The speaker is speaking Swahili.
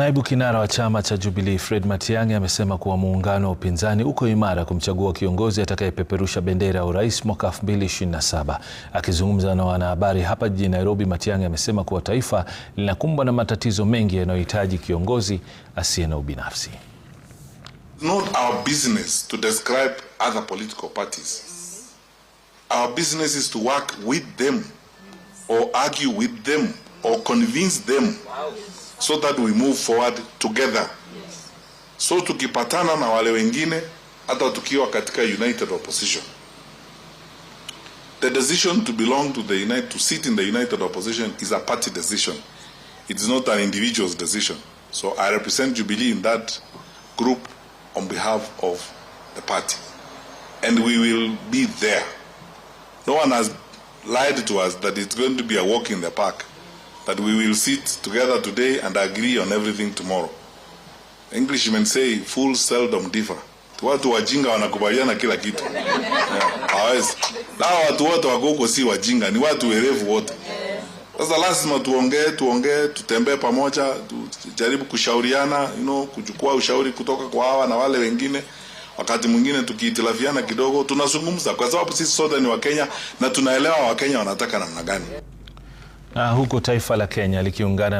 Naibu kinara wa chama cha Jubilee Fred Matiang'i amesema kuwa muungano wa upinzani uko imara kumchagua kiongozi atakayepeperusha bendera ya urais mwaka 2027. Akizungumza na wanahabari hapa jijini Nairobi, Matiang'i amesema kuwa taifa linakumbwa na matatizo mengi yanayohitaji kiongozi asiye na ubinafsi. Our business is to work with them or argue with them or convince them so that we move forward together. So tukipatana na wale wengine hata tukiwa katika united opposition the decision to belong to the united, to sit in the united opposition is a party decision it is not an individual's decision so i represent jubilee in that group on behalf of the party and we will be there no one has lied to us that it's going to be a walk in the park that we will sit together today and agree on everything tomorrow. Englishmen say fools seldom differ. Watu wajinga wanakubaliana kila kitu hawezi. Hawa watu wote wako huko, si wajinga, ni watu werevu wote. Sasa lazima tuongee, tuongee, tutembee pamoja, tujaribu kushauriana, you know, kuchukua ushauri kutoka kwa hawa na wale wengine. Wakati mwingine tukihitilafiana kidogo, tunazungumza kwa sababu sisi sote ni Wakenya na tunaelewa Wakenya wanataka namna gani. Na huko taifa la Kenya likiungana